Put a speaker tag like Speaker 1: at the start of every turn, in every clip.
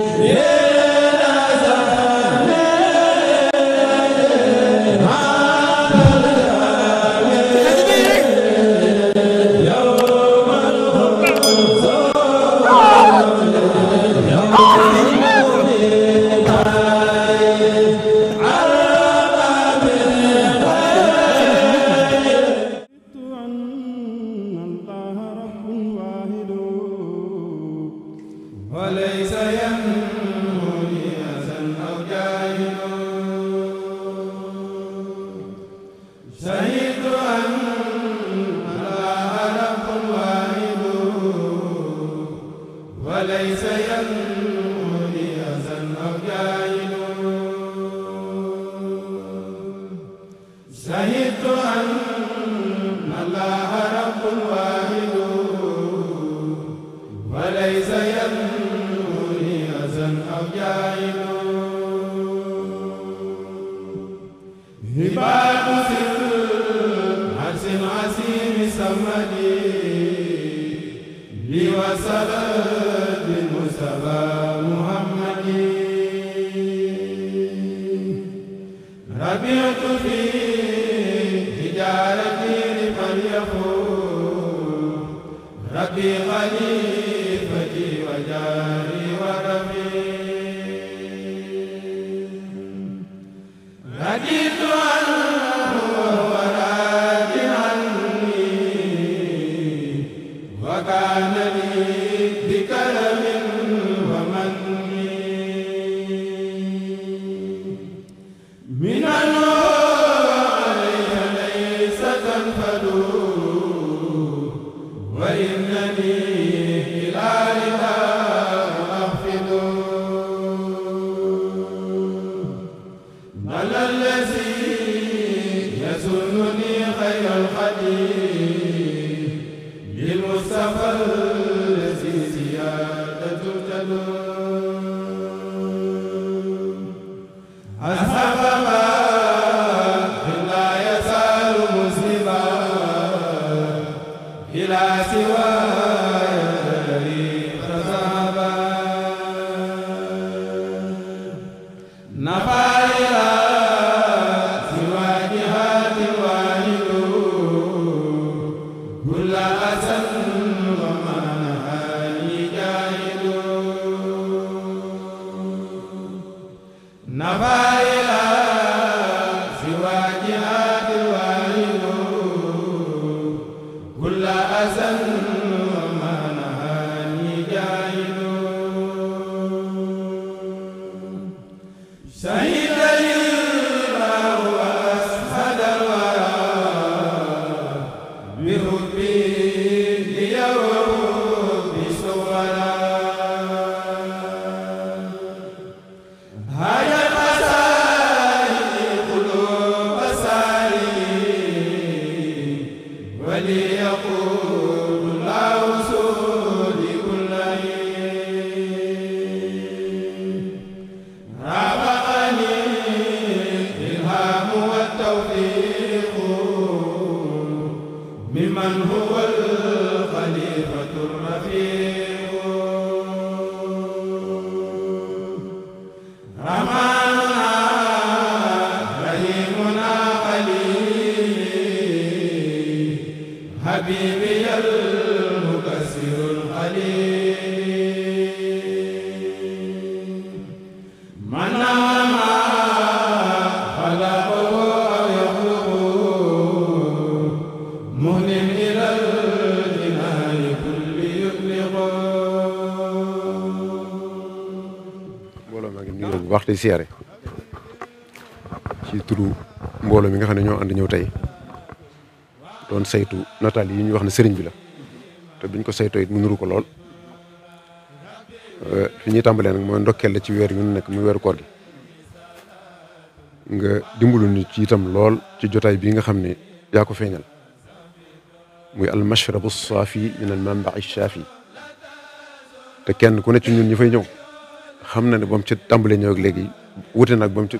Speaker 1: Yeah! زهدت أن وكان nafa وليقول
Speaker 2: waxtu siyaare ci turu mbooloo mi nga xam ne ñoo ànd ñëw tey doon saytu nataal yi ñu wax ne sëriñ bi la te biñ ko saytoo it mu nuru ko lool euh, fi ñuy tàmbalee nag mooy ndokkeel la ci weer yu nekk muy weeru koor gi nga dimbalu ni ci itam lool ci jotaay bi nga xam ne yaa ko feeñal muy al mashrabu saafi min al manbai shaafi te kenn ku ne ci ñun ñi fay ñëw xam na ne ba mu ci tàmbalee ñëw ak léegi wute nag ba mu ci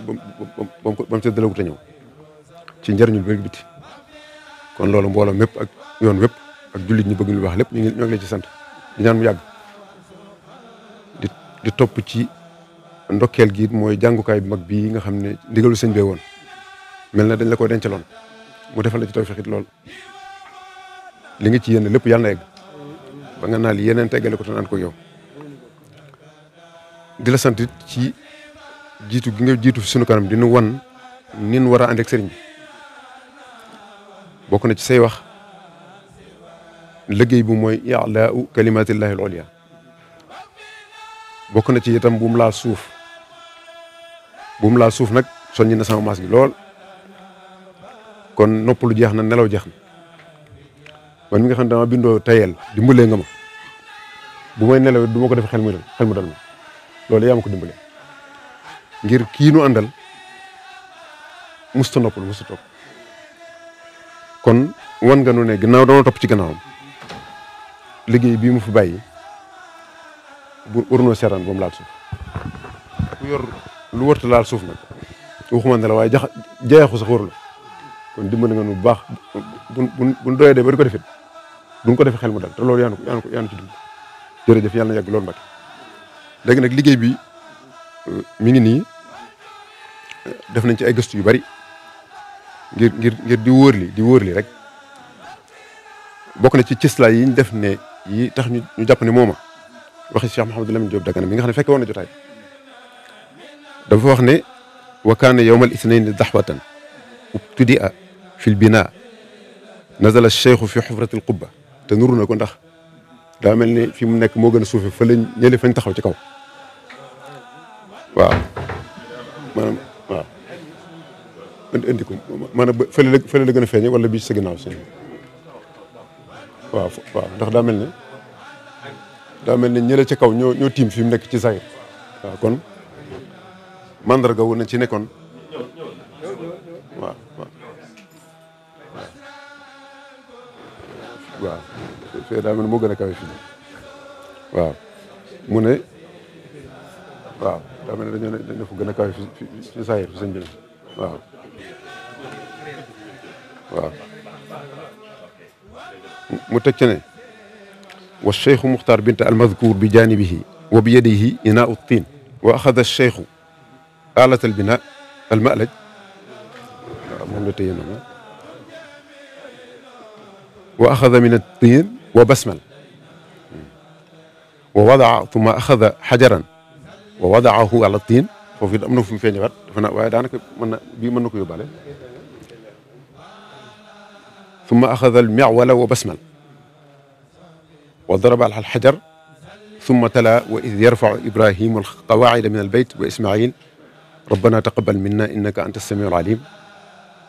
Speaker 2: ba ci dala wute ñëw ci njëriñu bi biti kon loolu mbooloo mépp ak yoon wépp ak jullit ñi bëgg lu baax lépp ñu ngi ñoo ngi ci sant di ñaan mu yàgg di topp ci ndokkeel gi mooy jàngukaay bu mag bii nga xam ne ndigalu sëñ bee woon mel na dañ la den dencaloon mu defal la ci taw lool li nga ci yéene lépp yàlla na yegg ba nga naan yeneen teggale ko te naan ko yow di la sant ci jiitu gi nga jiitu sunu kanam di nu wan nin war a ànd ak bi bokk na ci say wax liggéey bu mooy ilaau kalimatillahi al ulia bokk na ci itam bu mu laal suuf bu mu laal suuf nag soññi na sama maas gi lool kon lu jeex na nelaw jeex na man mi nga xam ne dama bindoo tayel dimbalee nga ma bu nelaw du ma ko def xel xel mu dal ma lolé yam ko dimbalé ngir kii nu andal, musta nopul musta top kon wan nga nu né gannaaw dama top ci gannaawam liggéey bi mu fi bayyi bu urno seeraan bu mu laal suuf ku yor lu laal suuf nak waxuma kon dimbal nga nu bu baax bu bu bu ba ko defit duñ ko def xel mu dal té lolou yaanu yaanu ci dund jërëjëf léegi nag liggéey bi mi ngi nii def nañ ci ay gëstu yu bari ngir ngir ngir di wóor li di wóor li rek bokk na ci cislaa yi ñu def ne yi tax ñu ñu jàpp ne mooma waxi Cheikh Mouhamadou Lamine Diop Dagana mi nga xam ne fekke woon na jotaay dafa wax ne wa kaana yowma al itnain daxwatan ubtudia fi l bina nazala cheikhu fi xufrati l qubba te nuru na ko ndax daa mel ni fi mu nekk moo gën a suufe fa lañ ñële fañ taxaw ci kaw waaw maanaam waaw indi ko maanaam ba fële la gën a feeñe wala bii sa ginnaaw si waaw waaw ndax daa mel ne daa mel ne ñële ca kaw ñoo tiim fi mu nekk ci say waaw kon mandarga wu na ci nekkoon waaw waaw fee daa mel ne moo gën a kawe fii waaw mu ne waaw والشيخ مختار بنت المذكور بجانبه وبيده إناء الطين وأخذ الشيخ آلة البناء المألج وأخذ من الطين وبسمل ووضع ثم أخذ حجراً ووضعه على الطين ففي الأمن في فين يبات فنا وعدانك من بيمنك يبالي ثم أخذ المعول وبسمل وضرب على الحجر ثم تلا وإذ يرفع إبراهيم القواعد من البيت وإسماعيل ربنا تقبل منا إنك أنت السميع العليم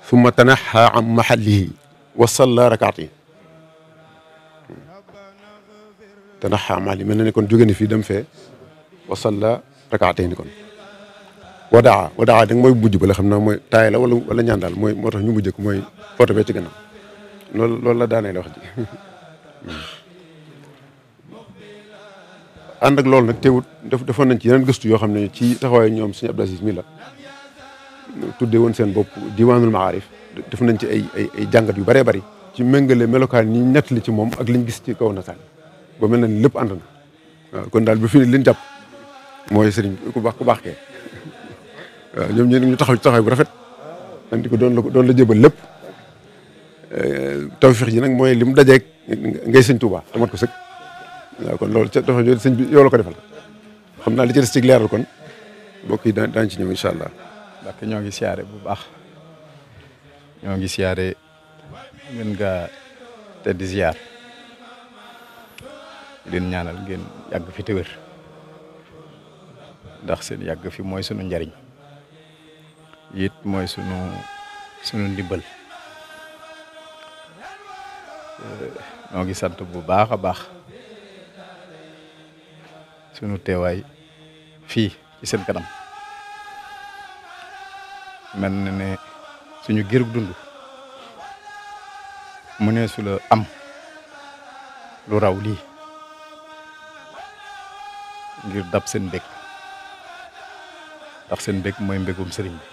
Speaker 2: ثم تنحى عن محله وصلى ركعتين تنحى عن محله من أن يكون جوجني في دم فيه وصلى rakaatee ni kon wadaa wadaa da nga mooy mujj ba la xam naa mooy taay la wala wala ñaan daal mooy moo tax ñu mujj ko mooy foto bee ci gannaaw loolu loolu la daanee la wax ji hmm. ànd ak loolu nag teewut def defoon nañ ci yeneen gëstu yoo xam ne ci taxawaayu ñoom suñu Abdou Aziz mi la tuddee woon seen bopp diwaanul maarif def nañ ci ay ay ay jàngat yu bëree bëri ci méngale melokaan yi ñu nettali ci moom ak liñ gis ci kaw nataal ba mel na ni lépp na kon daal bu fi ne liñ jàpp mooy sëriñ ku baax ku baax kee waaw ñoom ñoo ñu taxaw ci bu rafet andi ko doon la doon la jëbal lépp eh, tawfeex ji nag mooy li mu dajeeg ngay sëñ Touba tamat ko sëg waaw kon loolu ca dafa sëñ bi yow la ko defal xam naa li ci des ci leeral kon mbokk yi daañu ci ñëw incha allah.
Speaker 3: ndax ñoo ngi siyaare bu baax ñoo ngi siyaare ngeen nga te di siyaar di ñaanal ngeen yàgg fi te ndax seen yàgg fi mooy sunu njariñ it mooy sunu sunu ndimbal ñoo eh, ngi sant bu baax a baax sunu teewaay fii ci seen kanam mel na ne suñu gërug dund mu ne su am lu raw lii ngir dab seen mbég ndax seen mbég mooy mbégum sëriñ bi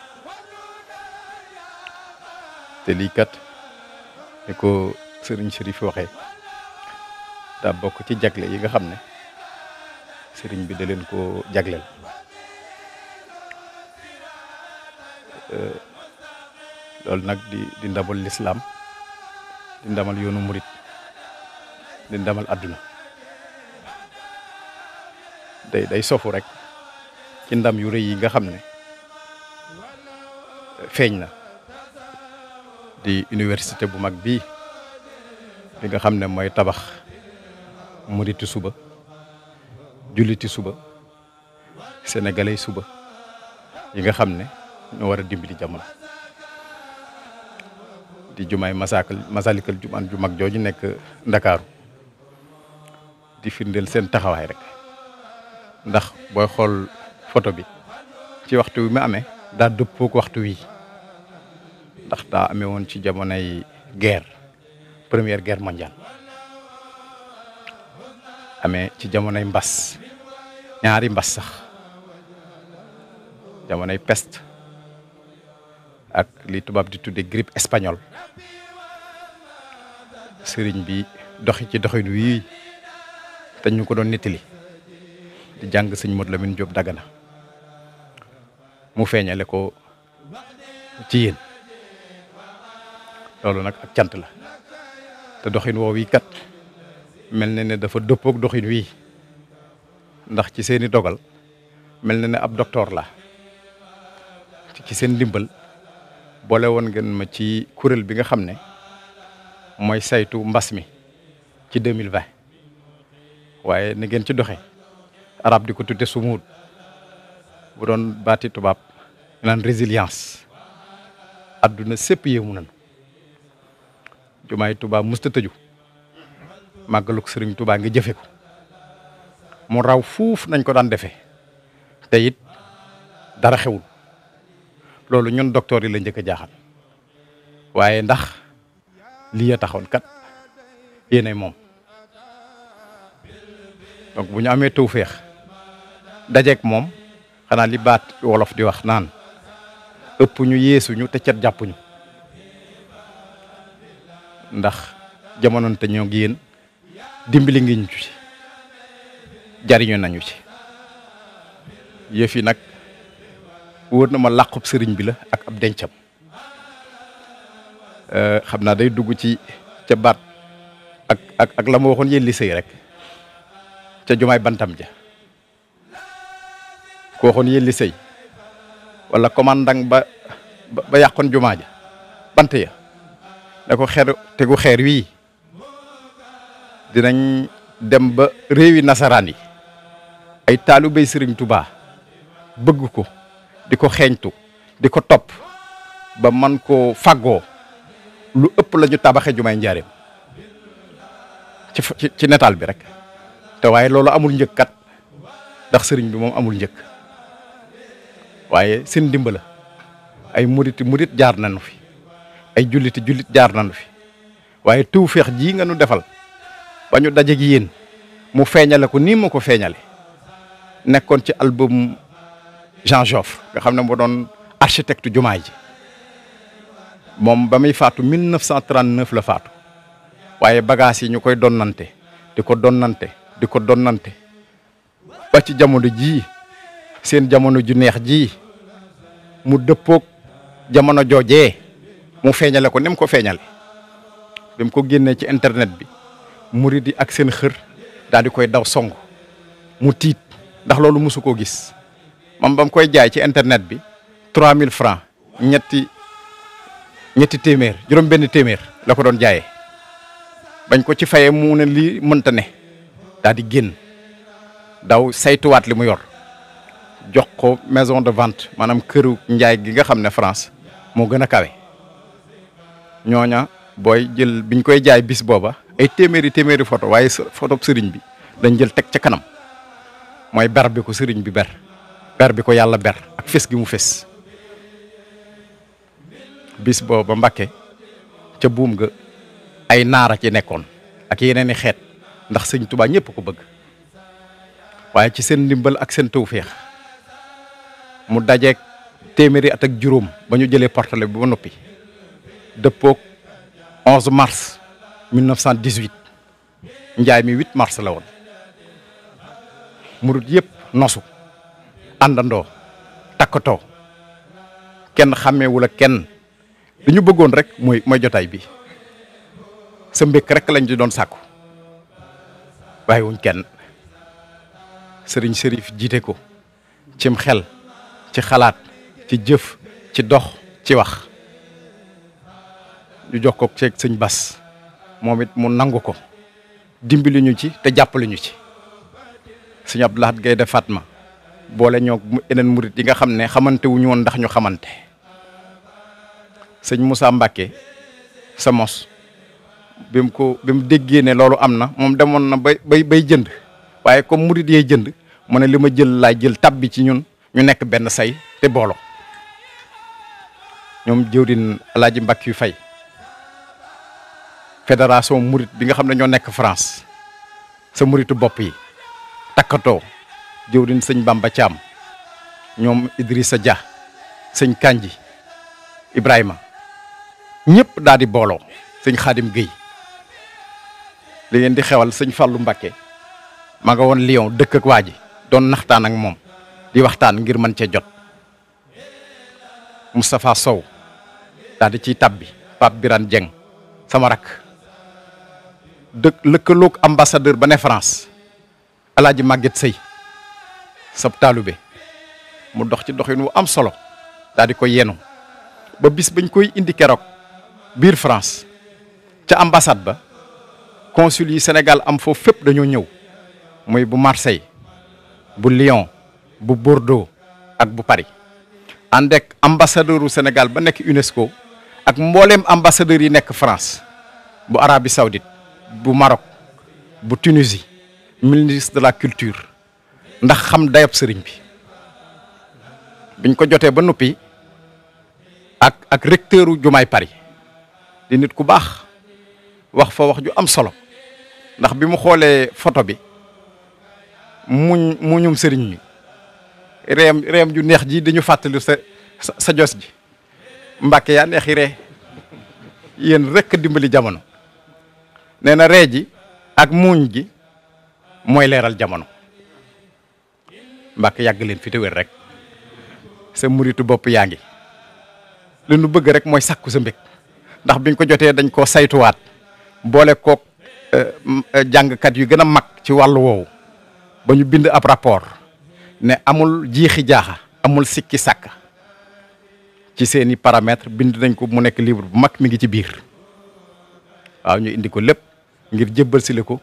Speaker 3: te lii kat ni ko sëriñ Chérif waxee daa bokk ci jagle yi nga xam ne sëriñ bi da leen ko jagleel loolu nag di di ndamal lislaam di ndamal yoonu murit di ndamal àdduna day day sofu rek ci ndam yu yi nga xam ne feeñ na di université bu mag bii bi nga xam ne mooy tabax muriti suba julliti suba sénégalais suba yi nga xam ne ñu war a dimbali jamono di jumaay masakal masalikal jumaan ju mag jooju nekk ndakaaru di firndeel seen taxawaay rek ndax booy xool photo bi ci waxtu wi mu amee daa dëppook waxtu wi ndax daa amee woon ci jamonoy guerre première guerre mondiale amee ci jamonoy mbas ñaari mbas sax jamonoy peste ak li tubaab di tudde grippe espagnole sëriñ bi doxi ci doxin wii te ñu ko doon nettali di jàng sëñ la Lamine Diop Dagana mu feeñale ko ci yéen loolu nag ak cant la te doxin woow yi kat mel na ne dafa dëppoog doxin wii ndax ci seeni dogal mel na ne ab docteur la ci seen ndimbal boole woon ngeen ma ci kuréel bi nga xam ne mooy saytu mbas mi ci 2020 waaye na ngeen ci doxe arab di ko tudde sumuud bu doon baati tubaab naan résilience adduna sépp yéemu nan jumaay tubaab musta tëju màggaluk sëriñ tubaa ngi jëfe ko mu raw fuuf nañ ko daan defee te it dara xewul loolu ñun docteur yi la njëkk a jaaxal waaye ndax lii a taxoon kat yéene moom donc bu ñu amee tawféex dajeek moom xanaa li baat wolof di wax naan ëpp ñu yeesuñu te cet jàppuñu ndax jamononte ñoo ngi yéen dimbali ngi ñu ci jariñu nañu ci yëf yi nag wóor na ma làqub sëriñ bi la ak ab dencam euh, xam naa day dugg ci ca baat ak ak ak la waxoon yéen li rek ca jumaay bantam ja ko xon yelli sey wala komandang ba ba yakon jumaa bante ya nako ko te tegu xer wi dinañ dem ba rewi nasarani ay talube serigne touba bëgg ko diko ko diko top ba man ko fago lu ëpp la ñu jumaay njaareem ci ci netal bi rek te waye lolu amul kat ndax serigne bi mom amul waaye seen dimbala ay murit murit jaar nañu fi ay julliti jullit jaar nañu fi waaye tëw feex jii nga nu defal ba daje gi yéen mu feeñale ko nii ma ko feeñale nekkoon ci album Jean Joffre nga xam ne moo doon architecte jumaa ji moom ba muy faatu 1939 la faatu waaye bagages yi ñu koy doon nante di ko doon nante di ko donnante ba ci jamono jii seen jamono ju neex jii mu dëppook jamono joojee mu feeñale ko nim ko feeñale bi mu ko génnee ci internet bi murid yi ak seen xër daal di koy daw song mu tiit ndax loolu mosu koo gis man bam koy jaay ci internet bi 3000 francs ñetti ñetti téeméer juróom benn téeméer la ko doon jaayee bañ ko ci fayee mu ne li mënta ne daal di génn daw saytuwaat li mu yor jox ko maison de vente maanaam këru njaay gi nga xam ne France moo gën a kawe ñooña booy jël biñ koy jaay bis booba ay téeméeri téeméeri photo waaye foto sëriñ bi dañ jël teg ca kanam mooy ber ko sëriñ bi ber ber bi ko yàlla ber ak fes gi mu fes bis booba mbake ca buum ga ay naara ci nekkoon ak yeneen i xeet ndax sëñ Tuubaa ñëpp ko bëgg waaye ci seen ndimbal ak seen tawféex mu dajeeg téméré at ak juróom bañu jëlé jëlee bu bi ba 11 mars 1918 njaay mi 8 mars la won murit yépp nosu andando takkatoo kenn xàmmeewul ak kenn li ñu bëggoon rek moy moy jotaay bi sa mbékk rek lañ di doon sàkku bayiwuñ kenn sëriñ sërif jité ko cim xel ci xalaat ci jëf ci dox ci wax ñu jox ko ceeg sëñ bas moom it mu nangu ko dimbali ci te jàppale ñu ci sëñ Abdou Lahad Gaynde ma boole ñoo eneen murit yi nga xam ne xamantewuñu woon ndax ñu xamante sëñ Moussa Mbacke sa mos bi mu ko bi mu déggee ne loolu am na moom demoon na bay bay bay jënd waaye comme murit yee jënd mu ne li ma jël laa jël tab bi ci ñun ñu nek ben say té bolo ñom jëwdin alaaji mbàkk yu fay fédération mouride bi nga xamné ñoo France sa mouride bop yi takato jëwdin señ Bamba cham ñom Idrissa Dia señ Kanji Ibrahima ñepp daal di booloo sëñ Xaadim Guèye li ngeen di xewal señ fallu Mbàkke ma nga won Lyon dekk ak waji don naxtan ak mom di waxtan ngir man ci jot mustafa Sow dal di tabbi pap biran jeng sama rak dëkk lëkkaloog ambassadeur ba ne France aladji Maguette Sey sab taalube mu dox ci doxinu am solo dal di ko yenu ba bis bañ koy indi kérok bir France ca ambassade ba consul yi Sénégal am fo fep dañu ñew muy bu Marseille bu Lyon bu Bordeaux ak bu Paris ànd ak ambassadeur Sénégal ba nekk UNESCO ak mbooleem ambassadeur yi nekk France bu Arabie Saoudite bu Maroc bu Tunisie ministre la culture ndax xam dayab sëriñ bi biñ ko jotee ba noppi ak ak recteur u jumaay Paris di nit ku baax wax fa wax ju am solo ndax bi mu xoolee photo bi muñ muñum sëriñ mi reem reem ju neex ji dañu fàttali sa sa jos ji mbàkke yaa neexi ree yéen rekk dimbali jamono nee na ree ji ak muuñ gi mooy leeral jamono mbàkke yàgg leen fi rek sa muritu bopp yaa ngi li nu bëgg rek mooy sàkku sa mbég ndax biñ ko jotee dañ koo saytuwaat boole kook eh, eh, jàngkat yu gën a mag ci wàllu woowu ba ñu bind ab rapport ne amul jiixi jaaxa amul sikki sàkk ci seeni paramètres bind nañ ko mu nekk livre bu mag mi ngi ci biir waaw ñu indi ko lépp ngir jëbbal si la ko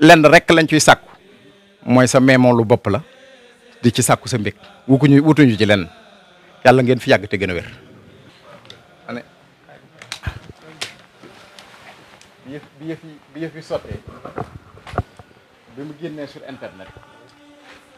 Speaker 3: lenn rek lañ ciy sàkku mooy sa meemoon lu bopp la di ci sàkku sa mbég wukuñu wutuñu ci lenn yàlla ngeen fi yàgg te gën a wér bi yëf yi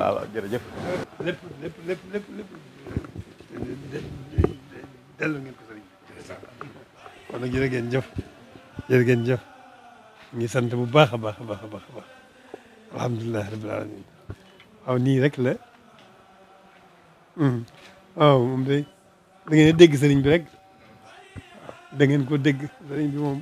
Speaker 3: waaw waaw jërëjëf.
Speaker 4: lépp lépp lépp lépp lépp dellu ngeen ko sëriñ bi. kon nag jërë ngeen jëf jërë ngeen jëf ngi sant bu baax a baax a baax a baax alhamdulilah rabbil alamin waaw nii rek la hmm. waaw moom day da ngeen dégg sëriñ bi rek da ngeen ko dégg sëriñ bi moom.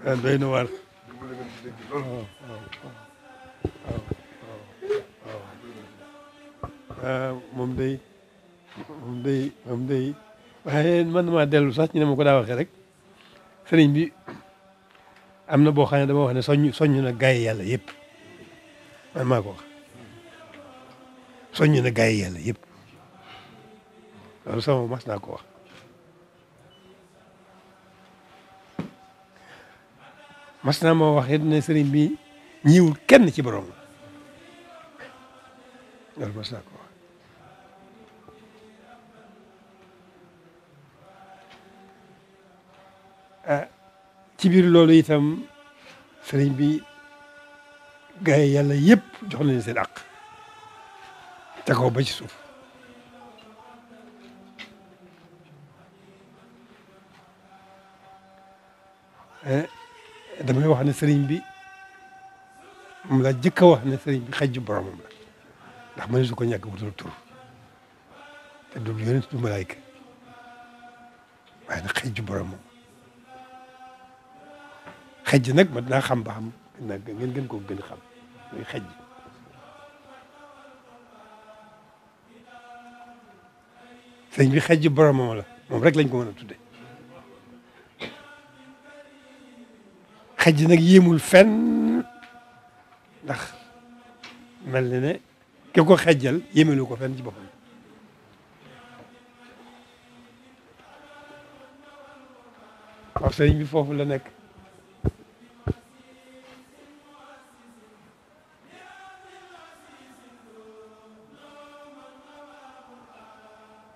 Speaker 4: ah doy na waar.
Speaker 2: waaw waaw
Speaker 4: waaw moom day moom day moom day waaye man maa dellu sax ñu ne ma ko daa waxee rek sëriñ bi am na boo xam ne dama wax ne soññ soññ na gaay yàlla yëpp man maa ko wax soññ na gaay yàlla yëpp loolu sama mas naa ko wax. mas naa moo wax it ne sëriñ bi ñiwul kenn ci borom la loolu mas ko ah, ci biir loolu itam sëriñ bi gaay yàlla yëpp jox nañu seen àq te ba ci suuf eh, damay wax ne sëriñ bi moom laa jëkk a wax ne sëriñ bi xaj boromam la ndax ma ne su ko ñàkk wutul tur te du yonent du malaayka waaye nag xaj boromam xaj nag man naa xam ba xam nag ngeen gën koo gën xam muy xaj sëriñ bi xaj boromam la moom rek lañ ko mën a tuddee wax ji nag yéemul fenn ndax mel na ne ki ko xejjal yéemelu ko fenn ci boppam waaw sëriñ bi foofu la nekk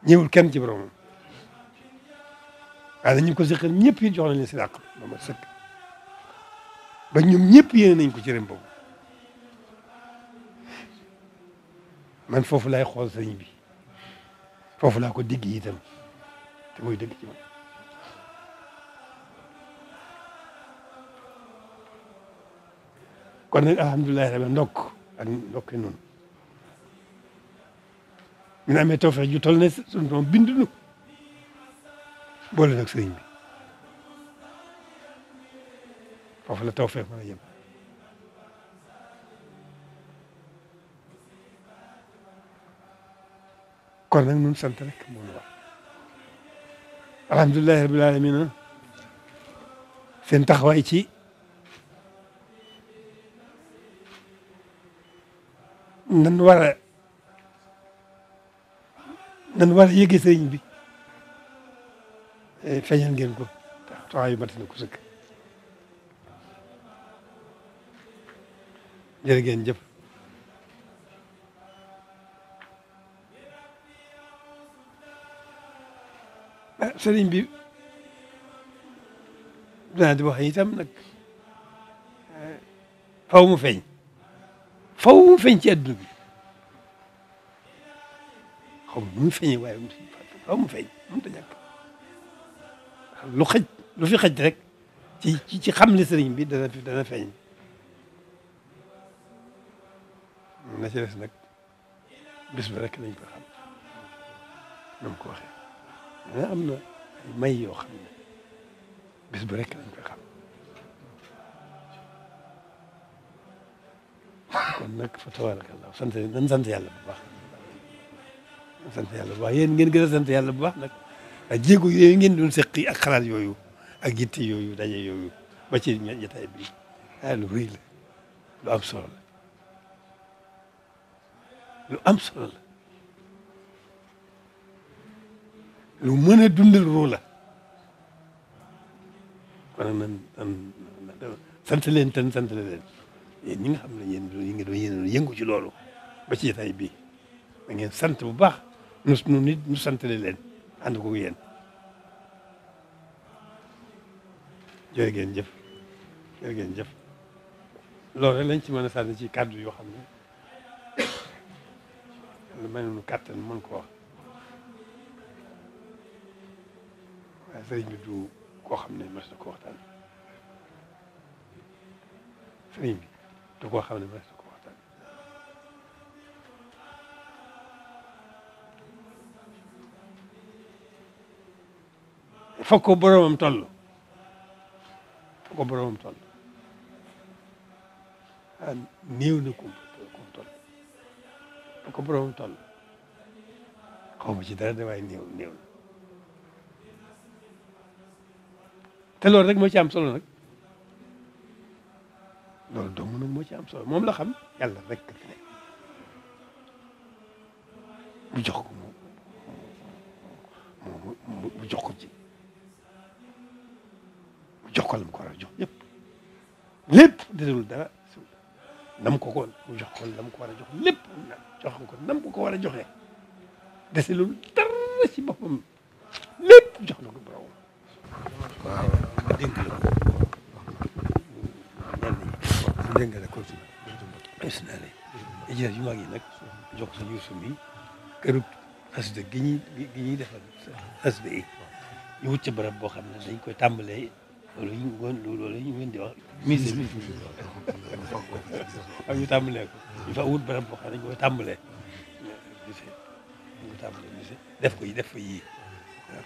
Speaker 4: ñëwul kenn ci boromam waaye ñu ko seqal ñëpp yi jox nañ leen si dàq ba ma sëkk ba ñoom ñëpp yéene nañ ko cëram boobu man foofu laay xool sëñ bi foofu laa ko digg itam te mooy dëgg ci man kon nag alhamdulilahi rabbi ndokk ak ndokk noonu ñu amee ju tol ne suñu doom bindu nu boole nag sëñ foofu la tawfeex mën a yem kon nag ñun sant rek moo ñu wax alhamdulilahi rabil alamina seen taxawaay ci nan war a nan war a yëgee sëriñ bi eh, ngeen ko taxawaay bi mat na ko jërë ngeen jëf. Ah, sëriñ bi dinaa di wax itam nag eh, faw mu feeñ faw mu feeñ ci àdduna bi xaw ma nu mu feeñee faw mu feeñ mënut a ñàkk lu xaj lu fi xaj rek ci ci xam ne sëriñ bi dana dana feeñ na ci des nag bis ba rek lañ ko xam nu ko waxee na may yoo xam ne bis ba rek lañ ko xam kon nag fa tabarakallah sant nañ sant yàlla bu baax sant yàlla bu gën a sant yàlla bu baax nag ak jéego yooyu ngeen doon seqi ak xalaat yooyu ak yitte yooyu daje yooyu ba ci jataay bi ah lu rëy lu am solo lu am solo lu mën a dundal ruu la kon nag nan nan sant leen tan sant leen yéen ñi nga xam ne yéen ñi nga doon yéen yëngu ci loolu ba ci jotaay bii bi ngeen sant bu baax nu nu nit nu sant leen ànd ko yéen jërë ngeen jëf jërë ngeen jëf loolu rek ci mën a sànni ci kàddu yoo xam ne mel nu kàttan mën ko wax waaye sëriñ bi du koo xam ne mas na ko waxtaan sëriñ bi du koo xam ne mas na ko waxtaan foog ko boromam toll foog ko boromam toll ah néew na ko ko toll ko borom toll xaw ma ci dara de waaye néew néew te loolu rek moo ci am solo nag loolu dong nag moo ci am solo moom la xam yàlla rek la nekk mu jox ko. jox rek dese loolu dara ci boppam
Speaker 1: lépp jox na ko borom. waaw dégg la
Speaker 4: ko. dégg la ko ci. gis naa ne ijaar yu mag yi nag jox ko sa Yuusuf bi kërub xasida gi ñuy gi ñuy defal xasida yi ñu wut ca barab boo xam ne dañ koy tàmbalee loolu ñu ngoon loolu ñu ngeen di wax mise mise ak ñu tàmbalee ko ñu fa wut barab boo xam ne dañ koy tàmbalee gise mu ngi tàmbali gise def ko def ko yii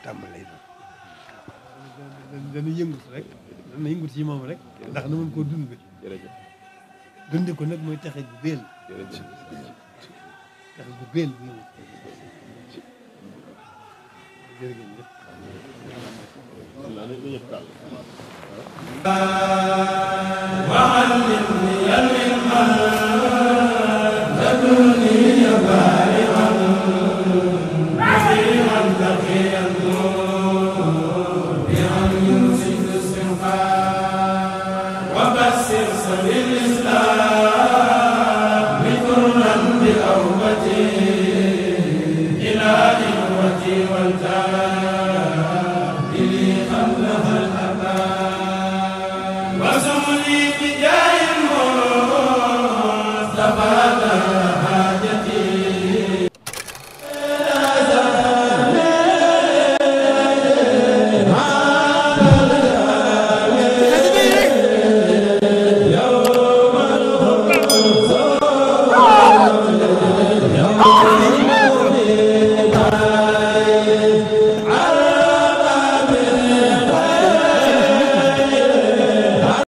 Speaker 4: tàmbali lay doon dana yëngut rek dana yëngut ci moom rek ndax na mën koo dunde dunde ko nag mooy texe gu béel texe gu béel bu yëngut
Speaker 1: jërëjëf Lord.